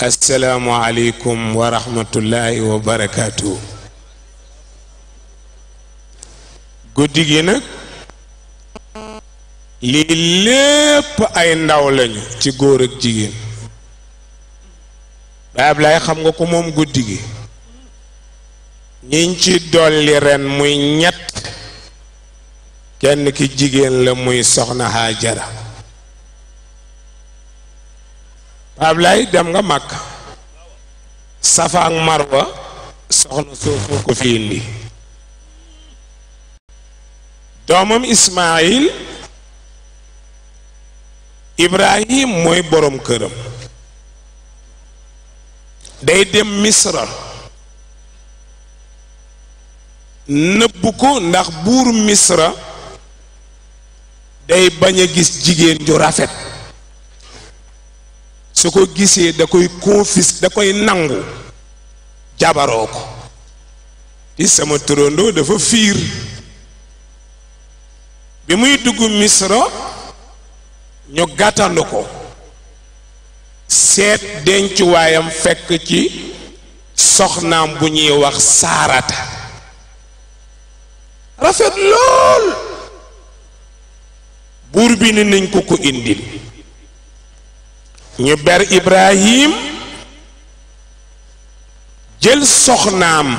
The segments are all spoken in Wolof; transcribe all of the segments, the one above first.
asalaamualeykum wa rahmatullahi wa barakaatu. guddi gi nag. lii lépp ay ndaw lañu ci góor ak jigéen. baab lay xam nga ko moom guddi gi. ñiñ ci dolli ren muy ñett. kenn ki jigéen la muy soxna Haajara. Ablaay dem nga màkk Safa ak Marwa soxna soosu ko fi indi doomam Ismaayil Ibrahim mooy borom këram day dem Misra nëbb ko ndax buur Misra day bañ a gis jigéen ju rafet su ko gisee da koy confisque da koy nangu jabaroo ko ci sama turandoo dafa fiir bi muy dugg misra ñu gàttandu ko seet dencuwaayam fekk ci soxnaam bu ñuy wax saarata rafet lool buur bi ni nañ ko ko indil ñu ber Ibrahim jël soxnaam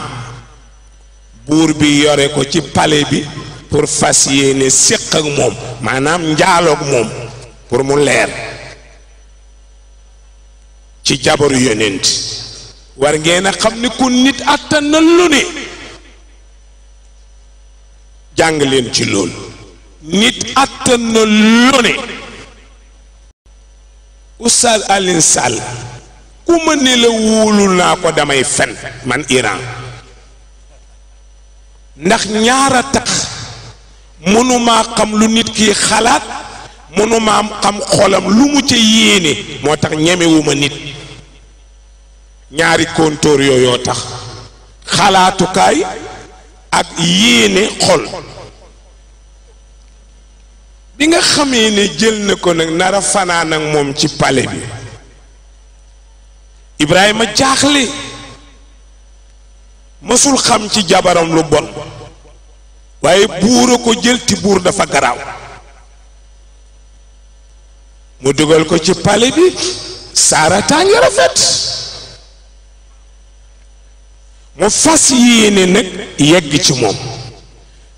buur bi yore ko ci palais bi pour fas yéene séq ak moom maanaam njaaloog moom pour mu leer ci jabaru yonent war ngeen xam ni ku nit àttan na lu jàng leen ci loolu nit àttan na lu oustaz Alioune Sall ku ma ne la wóolu naa ko damay fen man Iran ndax ñaara tax mënumaa xam lu nit ki xalaat mënumaa xam xolam lu mu ci yéene moo tax ñemewuma nit ñaari kontóor yooyoo tax xalaatukaay ak yéene xol bi nga xamee ne jël na ko nag nara fanaan ak moom ci pale bi Ibrahima jaaxle mësul xam ci jabaram lu bon waaye buur a ko jël ti buur dafa garaaw mu dugal ko ci pale bi saarataa ngi rafet mu fas yéene nag yegg ci moom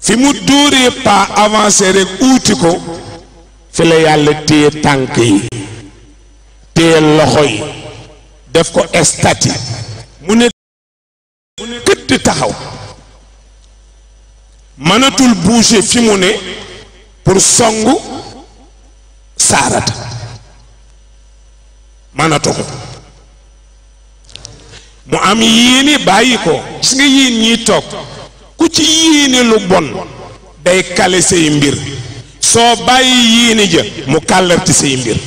fi mu dóoree pas avancé rek uuti ko fi la yàlla téye tànk yi téye loxo yi def ko estati mu ne këtt taxaw mënatul bouger fi mu ne pour songu saarata mënatu ko mu am yéene bàyyi ko gis nga yéen ñiy toog ku ci yéene lu bon day kale say mbir soo bàyyi yéene jë mu kàllarti say mbir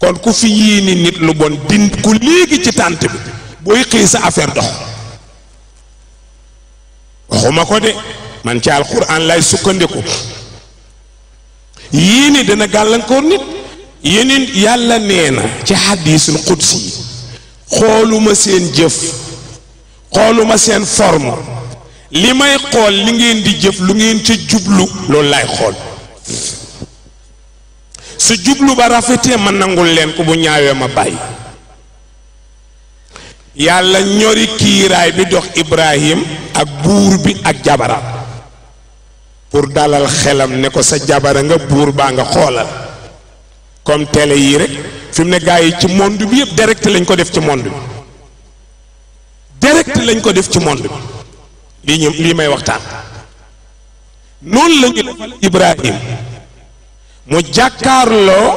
kon ku fi yéene nit lu bon din ku léegi ci tànt bi booy xëy sa affaire dox waxuma ko de man ci alxuraan lay sukkandiku yéene dana gàllankoor nit yeneen yàlla nee na ci xadiisul xudsi xooluma seen jëf xooluma seen forme li may xool li ngeen di jëf lu ngeen ca jublu loolu laay xool sa jublu ba rafetee ma nangul leen ko bu ñaawee ma bàyyi yàlla ñori kiiraay bi dox Ibrahim ak buur bi ak jabaram pour dalal xelam ne ko sa jabar a nga buur baa nga xoolal comme télé yii rek fi mu ne gaa yi ci monde bi yëpp direct lañ ko def ci monde bi direct lañ ko def ci monde bi lii ñu lii may waxtaan noonu la ñu defal Ibrahim mu jàkkaarloo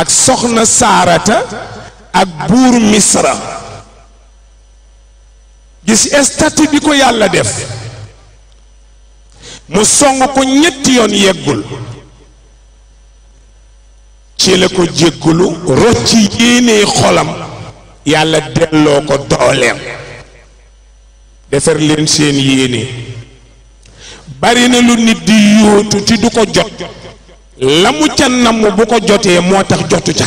ak soxna saarata ak buur misra gis statut bi ko yàlla def mu song ko ñetti yoon yeggul ci la ko jéggulu rocci yéenee xolam yàlla delloo ko dooleem defar leen seen yéene bari na lu nit di yóotu du ko jot la ca namm bu ko jotee moo tax jotu ca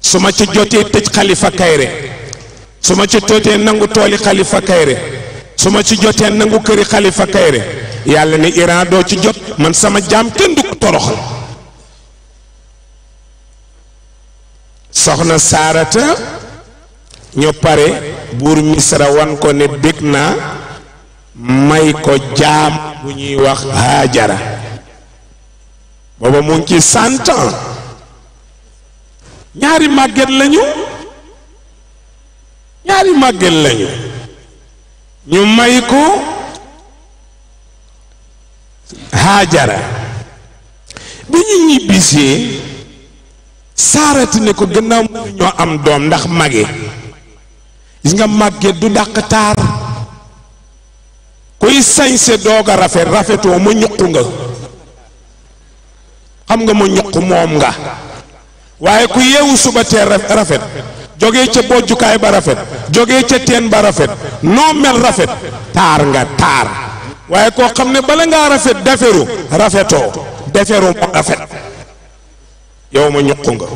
su ma ci jotee tëj xalifa kayre su ma ci jotee nangu tooli xalifa kayre su ma ci jotee nangu këri xalifa kayre yàlla ne Iran doo ci jot man sama jaam kenn du ko toroxal soxna saarata ñu pare buur misra wan ko ne bég naa may ko jaam bu ñuy wax haajara booba mu ngi ci cent ñaari màgget lañu ñaari màgget lañu ñu may ko haajara bi ñu ñibbisee saarati ne ko gannaaw mënuñoo am doom ndax mage gis nga màgget du dàq taar kuy sañse doog a rafet rafetoo ma ñuqu nga xam nga ma ñuq moom nga waaye ku yeewu suba teel rafet jóge ca bojjukaay ba rafet jóge ca teen ba rafet noo mel rafet taar nga taar waaye koo xam ne bala ngaa rafet deferu rafetoo deferu ma rafet yow ma ñuq nga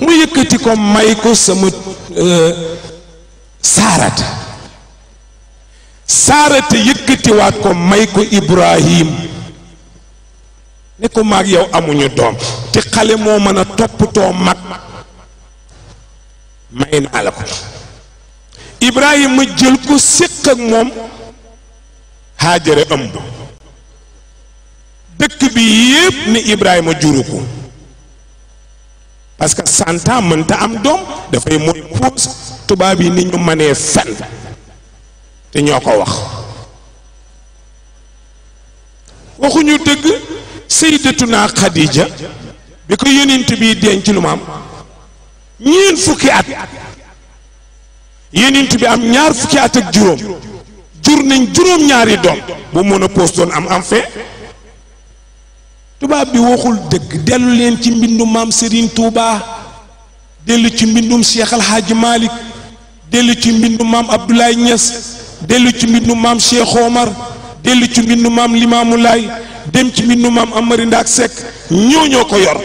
mu yëkkati ko may ko sama saarata euh, saarata yëkkatiwaat ko may ko ibrahim ne ko maag yow amuñu doom te xale moo mën a toppatoo mag may naa la ko ibrahima jël ko séq ak moom haajara ëmb dëkk bi yépp ni ibrahima juru ko parce que cent ans mënta am doom dafay mooy pause tubaab yi ni ñu mënee fen te ñoo ko wax waxuñu dëgg sayyidatuna Khadija bi ko yonent bi denc lu ma am ñeent fukki at yonent bi am ñaar fukki at ak juróom jur nañ juróom ñaari doom bu mën a pause doon am am fee tubaab bi waxul dëgg dellu leen ci mbindu maam Serigne tuuba dellu ci mbindum Cheikh Al Hadj dellu ci mbindu maam Abdoulaye Niass dellu ci mbindu maam Cheikh Omar dellu ci mbindu maam Limamou Laye dem ci mbindu maam Amary Ndack Seck ñoo ko yor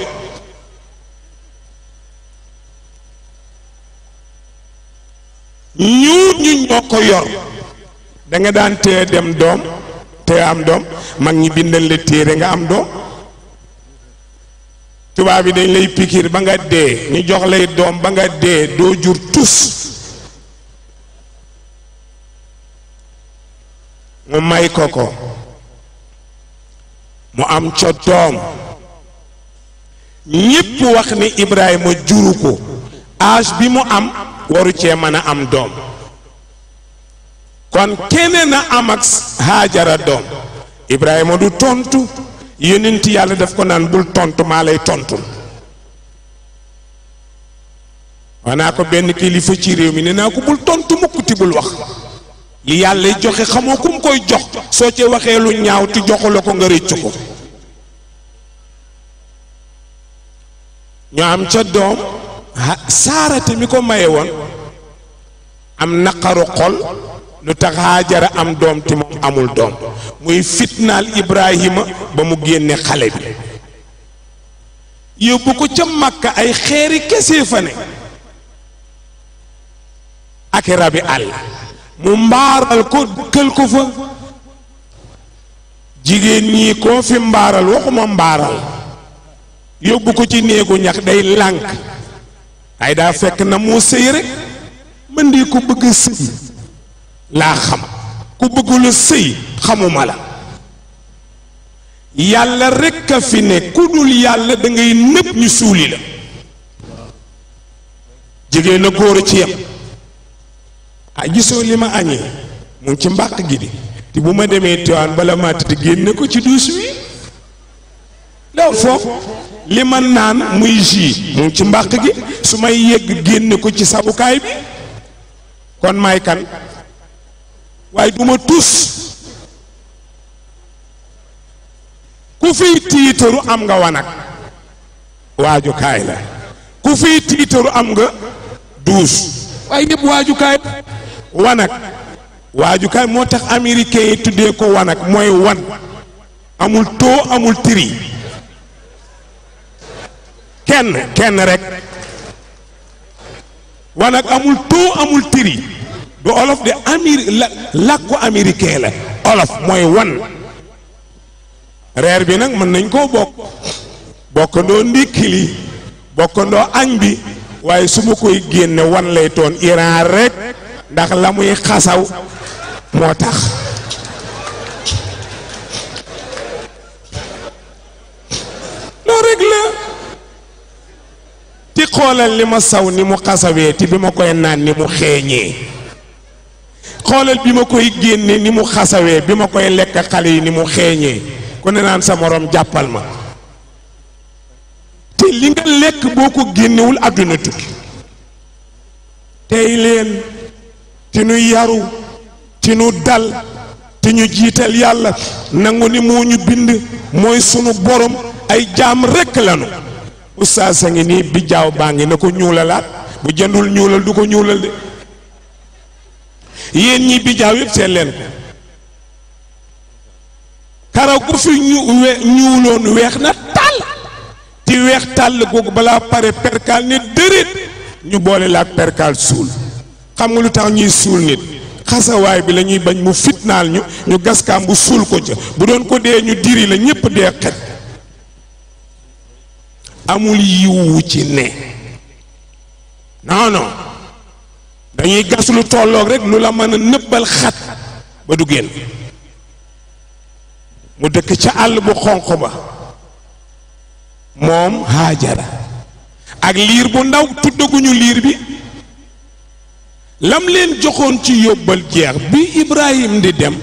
ñu ñoo ko yor da daan tee dem doom te am doom mag ñi bindal la téere nga am doom. subaab yi dañ lay pikiir ba nga dee ñu jox lay doom ba nga dee doo jur tus mu may ko ko mu am co doom ñépp wax ni Ibrahima juru ko âge bi mu am waru cee mën a am doom kon keneen a am ak Haajara doom Ibrahima du tontu yonent yàlla def ko naan bul tontu maa lay tontul wanaa ko benn kilifa ci réew mi ne naa ko bul tontu mukk ti bul wax li yàlla joxe xamoo ku mu koy jox soo ci waxee lu ñaaw ti joxu ko nga rëcc ko ñoo am ca doom saarate mi ko maye woon am naqaru xol lu tax Haajara am doom te moom amul doom muy fitnaal Ibrahima ba mu génne xale bi yóbbu ko ca Makka ay xeeri kese fa ne ak rabi àll mu mbaaral ko dëkkal ko fa jigéen ñi koo fi mbaaral waxuma mbaaral yóbbu ko ci néegu ñax day lànk ay daa fekk na moo sëy rek mën di ko bëgg sëy laa xam ku bëggula sëy xamuma la yàlla rekk a fi ne ku dul yàlla da ngay nëb ñu suuli la jigéen a góor ci yam ah gisoo li ma añee mu ci mbàq gi di te bu ma demee Tiwaawan bala maa tëdd génne ko ci duus wi daw foofu li ma naan muy jii mu ci mbàq gi su may yegg génne ko ci sabukaay bi kon may kan waaye du ma tus ku fiy tiitaru am nga wanag waajukaay la ku fiy tiitaru am nga duus waaye ñëpp waajukaay wanag waajukaay moo tax américain yi tuddee ko wanag mooy wan amul too amul tiri kenn kenn rek wanag amul too amul tiri du olof de amir la làkku américain la olof mooy wan reer bi nag mën nañ koo bokk bokkandoo ndékki li bokkandoo añ bi waaye su ma koy génne wan lay toon Iran rek ndax la muy xasaw moo tax loo rek la ti xoolal li ma saw ni mu xasawee ti bi ma koy naan ni mu xeeñee xoolal bi ma koy génne ni mu xasawee bi ma koy lekk xale yi ni mu xeeñee ku ne naan sa morom jàppal ma te li nga lekk boo ko génnewul àdduna tukki tey leen te nu yaru te nu dal te ñu jiital yàlla nangu ni moo ñu bind mooy sunu borom ay jaam rekk lanu ustaas a ngi nii bi baa ngi na ko ñuulalaat bu jëndul ñuulal du ko ñuulal de yéen ñi bijaaw yëpp seet leen ko karaw gu fi ñu ñuuloon weex na tàll ci weex tàll googu balaa pare perkaal nit dërët ñu boole la ak perkaal suul xam nga lu tax ñuy suul nit xasawaay bi lañuy bañ mu fitnaal ñu ñu gaskaam bu suul ko ca bu doon ko dee ñu diri la ñépp dee xet amul yiwu ci ne non non dañuy gas lu tolloog rek lu la mën a nëbbal xat ba du génn mu dëkk ca àll bu xonq ba moom haajara ak liir bu ndaw tuddaguñu liir bi lam leen joxoon ci yóbbal jeex bi ibrahim di dem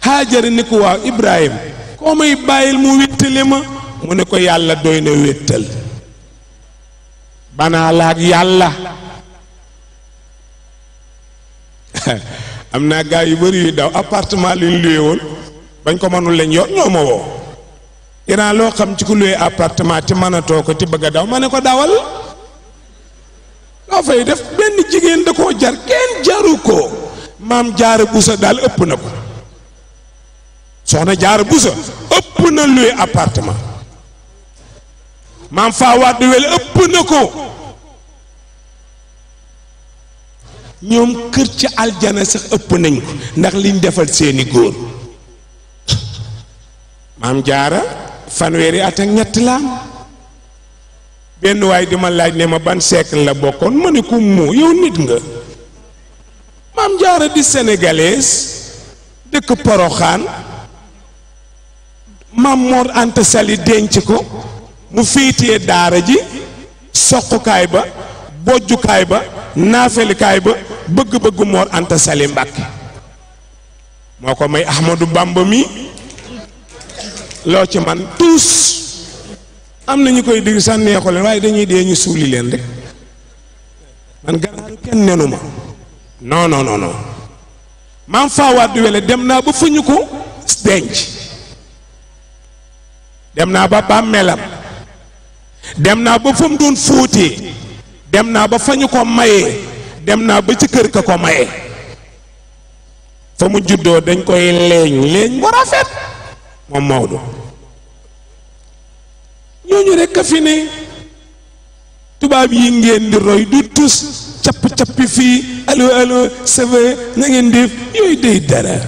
haajara ni ko waaw ibrahim koo may bàyyil mu wéttale ma mu ne ko yàlla doy na wéttal banaa laak yàlla am naa gars yu bëri yuy daw appartement lu ñu luye woon bañ ko mënul leen yor ñoo ma woo Iran loo xam ci ku luye appartement te mënatoo ko te bagga a daw ma ne ko dawal loo fay def benn jigéen da koo jar kenn jaru ko maam jaara busa daal ëpp na ko soxna jaara busa ëpp na luye appartement maam faawaat du wele ëpp na ko ñoom kër ci aljana sax ëpp nañu ndax liñ defal seeni góor maam jaara fanweeri at ak ñett la benn waay di ma laaj ne ma ban siècle la bokkoon ma ne ko mu yow nit nga maam jaara di sénégalaise dëkk poroxaan maam Mor Anta denc ko mu féetee daara ji soqukaay ba bojjukaay ba naafelikaay ba bëgg-bëggu Mor Anta Sali Mbàkke moo ko may Ahmadou Bamba mi loo ci man tuus am na ñu koy digg sànnee ko leen waaye dañuy dee ñu suuli leen rek man ganaaru kenn nenu ma non maam faawaat du dem naa ba fu ñu ko denc dem naa ba bàmmeelam dem naa ba fa mu doon fóotee dem naa ba fa ñu ko mayee dem naa ba ci kër ka ko maye fa mu juddoo dañ koy leeñ leeñ bu rafet moom Maodo ñooñu rekk a fi ne tubaab yi ngeen di roy du tus capp-cappi fii aloo allo seve na ngeen def yooyu dara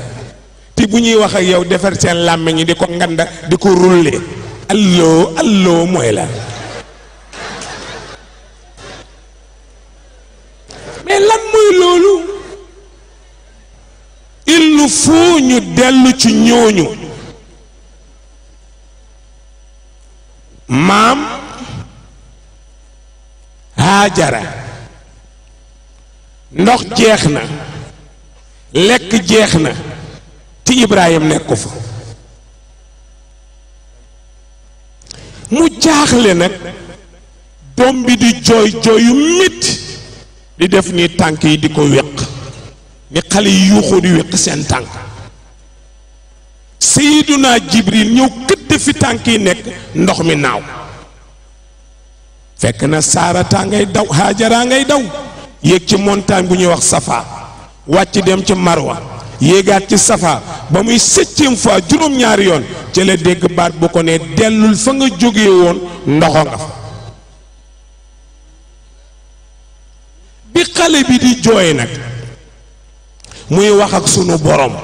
te bu ñuy wax ak yow defar seen làmmiñ ñi di ko nganda di ko rulle allo allo mooy la mais lan mooy loolu il nous ñu dellu ci ñooñu maam haajara ndox jeex na lekk jeex na ti Ibrahim nekku fa mu jaaxle nag doom bi di jooy jooyu di def nii tànk yi di ko wéq ni xale yi yuuxoo di wéq seen tànk sayiduna jibril ñëw këtt fi tànk yi nekk ndox mi naaw fekk na saarataa ngay daw xaajaraa ngay daw yéeg ci montagne bu ñuy wax safa wàcc dem ci marwa yéegaat ci safa ba muy septième fois juróom-ñaari yoon ci la dégg baat bu ko ne dellul fa nga jógee woon ndoxo nga xale bi di jooy nag muy wax ak sunu borom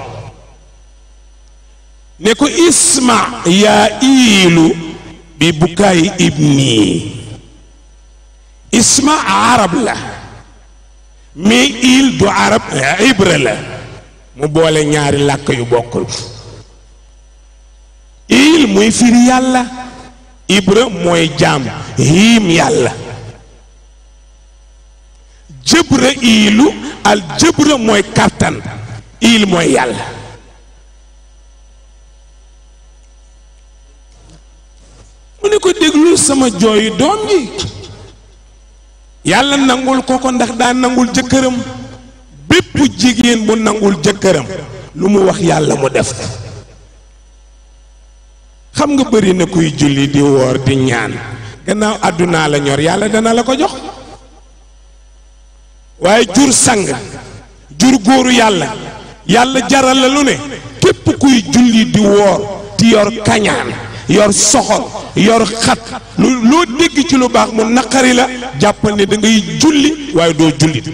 ne ko isma yaa iilu bi bukkaay ibni isma arab la mais il du arab ibra la mu boole ñaari làkk yu bokkul il muy firi yàlla ibra mooy jaam hiim yàlla jëbra iilu al jëbra mooy kàttan iil mooy yàlla mu ne ko déglul sama jooyu doom ji yàlla nangul ko ko ndax daa nangul jëkkëram bépp jigéen bu nangul jëkkëram lu mu wax yàlla mu def ko xam nga bëri na kuy julli di woor di ñaan gannaaw àddunaa la ñor yàlla dana la ko jox waaye jur sang jur góoru yàlla yàlla jaral la lu ne képp kuy julli di woor ti yor kañaan yor soxor yor xat loo dégg ci lu baax mu naqari la jàppal ne da ngay julli waaye doo jullit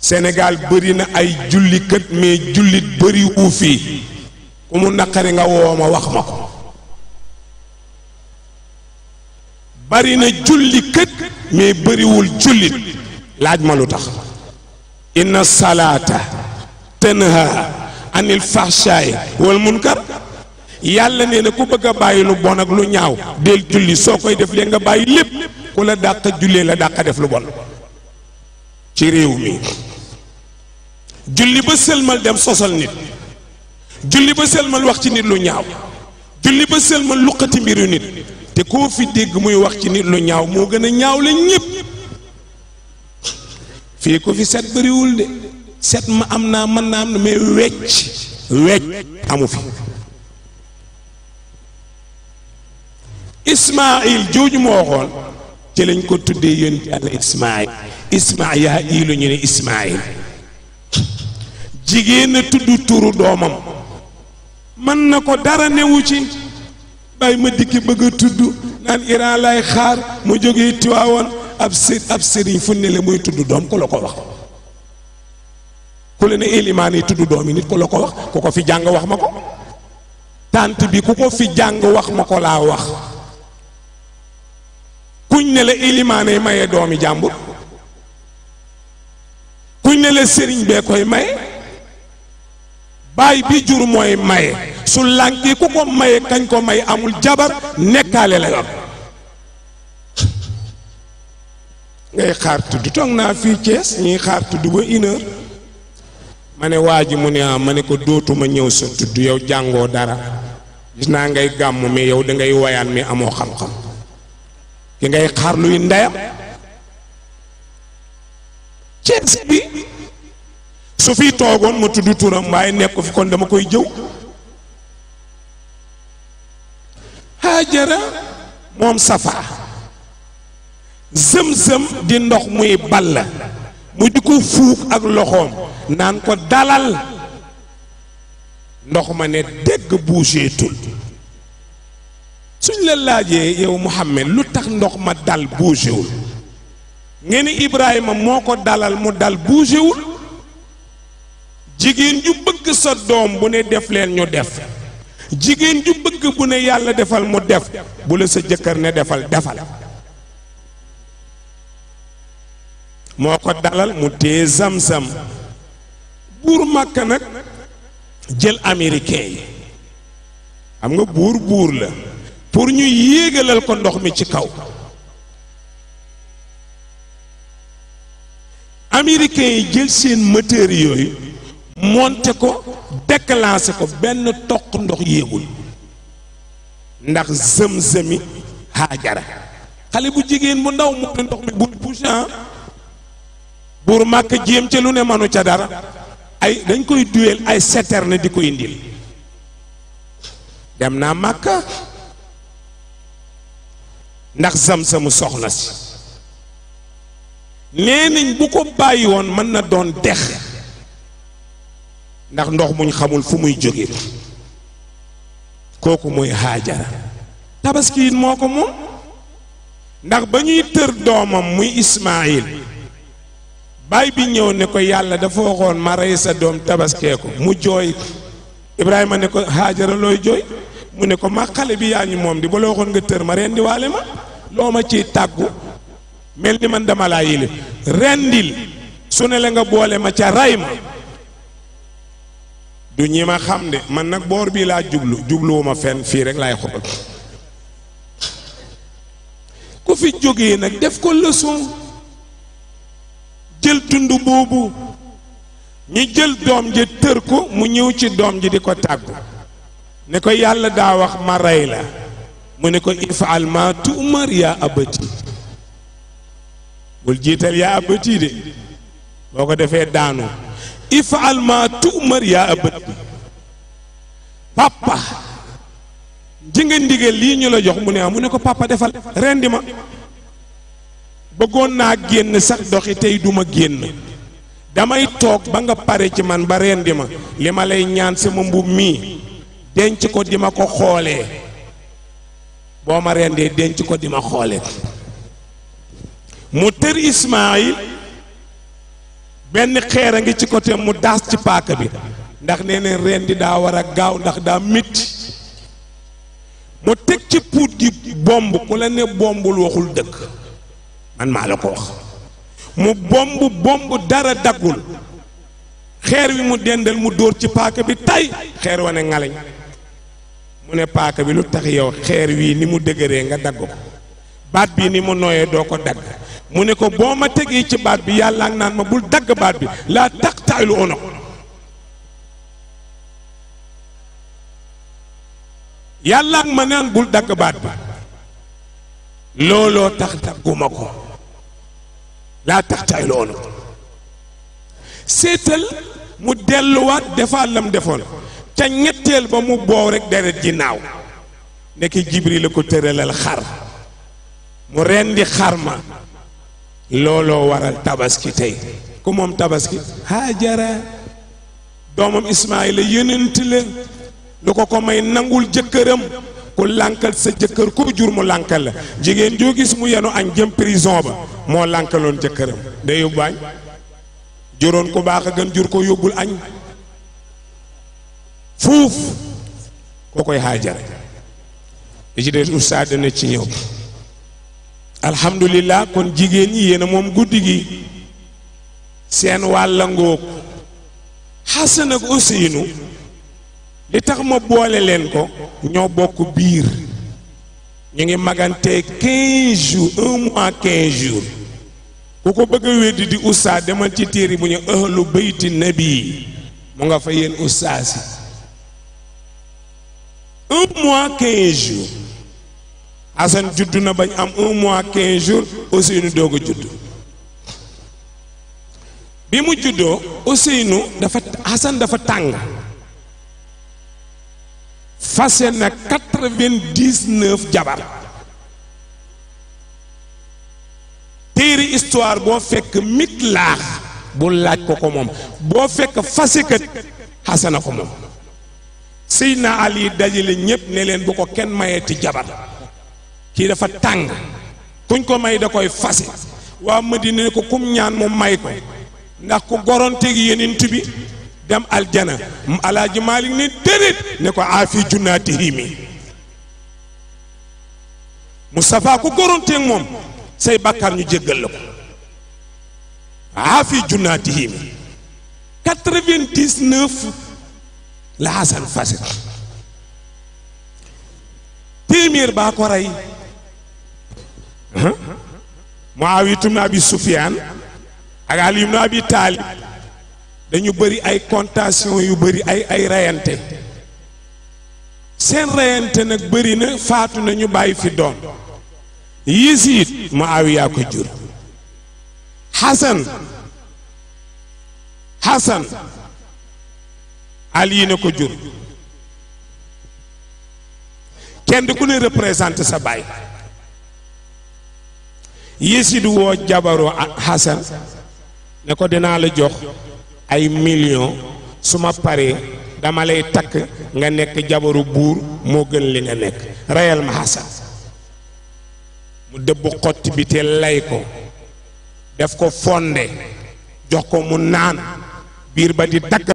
Sénégal bëri na ay jullikat mais jullit bëri wu fii ku mu naqari nga woo ma wax ma ko bari na jullikat mais bëriwul jullit laaj ma lu tax inna salaata tanha anil fahshaay wal munkar yàlla nee na ku bëgg a bàyyi lu bon ak lu ñaaw del julli soo koy def lee nga bàyyi lépp ku la dàq jullee la dàq def lu bon ci réew mi julli ba sëlmal dem sosal nit julli ba sëlmal wax ci nit lu ñaaw julli ba sëlmal luqati mbiru nit te koo fi dégg muy wax ci nit lu ñaaw moo gën a ñaaw la ñépp fii ku fi set bëriwul de set ma am naa mën naa am na mais wecc wecc amu fi ismail jooju moo xool ci lañ ko tuddee yónni yàlla ismail ismail jigéen a tudd turu doomam mën na ko dara newu ci bàyyi ma dikki bëgg tudd naan iran lay xaar mu jógee Tiwaawoon ab sër ab sëriñ fu ne la tudd doom ku la ko wax ku la ne élimaan yi tudd doom yi nit ku la ko wax ku ko fi jàng wax ma ko tànt bi ku ko fi jàng wax ma ko laa wax kuñ ne la élimaanay maye doomi jàmbur kuñ ne sëriñ bee koy maye baay bi jur mooy maye su lànkee ku ko maye kañ ko may amul jabar nekkaale la yor ngay xaar tudd toog naa fii Thiès ñuy xaar tudd ba une heure ma ne waa mu ne ah ma ne ko dootuma ñëw sa tudd yow jàngoo dara gis naa ngay gàmm mi yow da ngay wayaan mi amoo xam-xam ki ngay xaar luy ndayam Thiès bi su fi toogoon ma tudd turam waaye nekk fi kon dama koy jëw Haajara moom Safa sëm sëm di ndox muy la mu di ko fuuk ak loxoom naan ko dalal ndox ma ne dégg bougeetul suñ la laajee yow Muhammad lu tax ndox ma dal bougewul nga ni Ibrahima moo ko dalal mu dal bougewul jigéen ju bëgg sa doom bu ne def leen ñu def jigéen ju bëgg bu ne yàlla defal mu def bu la sa jëkkër ne defal defal moo ko dalal mu téye zam-zam buur màkka nag jël américain yi xam nga buur buur la pour ñu yéegalal ko ndox mi ci kaw américain yi jël seen moteur yooyu monte ko déclenché ko benn toq ndox yéegul ndax zëm-zëmi haajara xale bu jigéen bu ndaw mu ne ndox mi bul bouchan buur mak jiem ci lu ne manu ca dara ay dañ koy duel ay seterne diko indil dem na màkka ndax zam-zamu soxna ci nee bu ko bàyyi woon mën na don dex ndax ndox muñ xamul fu muy jóge koku moy haajara tabaskin moko mom ndax bañuy teur domam muy Ismaayil baay bi ñëw ne ko yàlla dafa waxoon ma rey sa doom tabaskee ko mu jooy Ibrahima ne ko Haajara looy jooy mu ne ko ma xale bi yaa ñu moom di ba la waxoon nga tër ma rendi ma loo ma ciy tàggu mel ni man dama laa yilif rendil su ne la nga boole ma ca ray ma du ñi ma xam de man nag boor bii laa jublu jubluwuma fenn fii rek lay xool ku fi jógee nag def ko leçon jël tund boobu ñi jël doom ji tër ko mu ñëw ci doom ji di ko tàggu ne ko yàlla daa wax ma rey la mu ne ko ifaal ma tuumar yaa abati bul jiital yaa abati de boo ko defee daanu ifaal ma tuumar yaa abati papa ji ndigal lii ñu la jox mu ne ah mu ne ko papa defal rendi ma bëggoon naa génn sax doxi tey duma génn damay toog ba nga pare ci man ba rendi ma li ma lay ñaan sama mbub mii denc ko di ma ko xoolee boo ma rendee denc ko di ma xoolee mu tër yi benn xeer a ngi ci côté mu daas ci paaka bi ndax nee reen rendi daa war a gaaw ndax daa métti mu teg ci puut gi bomb ku la ne bombul waxul dëkk man maa la ko wax mu bomb bomb dara daggul xeer wi mu dendal mu dóor ci paaka bi tay xeer wane ngalañ mu ne paaka bi lu tax yow xeer wii ni mu dëgëree nga dagg ko baat bi ni mu nooyee doo ko dagg mu ne ko boo ma tege ci baat bi yàlla naan ma bul dagg baat bi laa tax taylu ono yàlla ma naan bul dagg baat bi looloo tax dagguma ko لا تختي لون سيتل مدلوات دفال لم دفول تا نيتل با مو بو رك دريت جيناو نيكي جبريل كو تيرال الخر مو رندي خرما لولو ورال تاباسكي تاي كو موم تاباسكي هاجر دومم اسماعيل يننتل لوكو كو ماي نانغول جيكرم ku lànkal sa jëkkër ku jur mu lànkal la jigéen joo gis mu yenu añ jëm prison ba moo lankaloon jëkkëram day yóbbu añ juróon ku baax a gën jur ko yóbbul añ fuuf koo koy xaajare li ci des oustaz ci ñëw alhamdulilah kon jigéen ñi yéen moom guddi gi seen wàlla ngoog xasan ak useynu li tax ma boole leen ko ñoo bokk biir ñu ngi magante quinze jours ku ko bëgg a di oustaz demal ci téere bu ñu ahlu bayti nabi mu nga fa yéen oustaz yi un juddu na bañ am un mois quinze a juddu bi mu juddoo Ousseynou dafa dafa tàng fase na quatre-vingt-dix-neuf jabar téeri histoire boo fekk mit laax bu laaj ko ko moom boo fekk fasekat xasana ko moom Seydina Ali dajale ñépp ne leen bu ko kenn mayeti jabar kii dafa tàng kuñ ko may da koy fase waa Madina ne ko kum ñaan mu may ko ndax ku goronteeg yenent bi dem aljana alaaji Maalik ni déedéet ne ko aafi junnaatihimi Moustapha ku góoronteeg moom say bàkkaar ñu jéggal la ko aafi junnaatihimi la Xasan Fasit téeméer baa ko rey Muawiya ibn Abi Sufyaan ak Ali ibn Abi Taalib dañu bëri ay contention yu bëri ay ay reyante seen reyante nag bëri na faatu nañu ñu bàyyi fi doom Yésiid Muawiya ko jur Xasan Xasan Ali na ko jur kenn ku ne représenté sa baay Yésiid woo jabaroo Xasan ne ko dinaa la jox ay million su ma paree dama lay takk nga nekk jabaru buur moo gën li nga nekk reyal ma xasan mu dëbb xotti bi te lay ko def ko fonde jox ko mu naan biir ba di dagg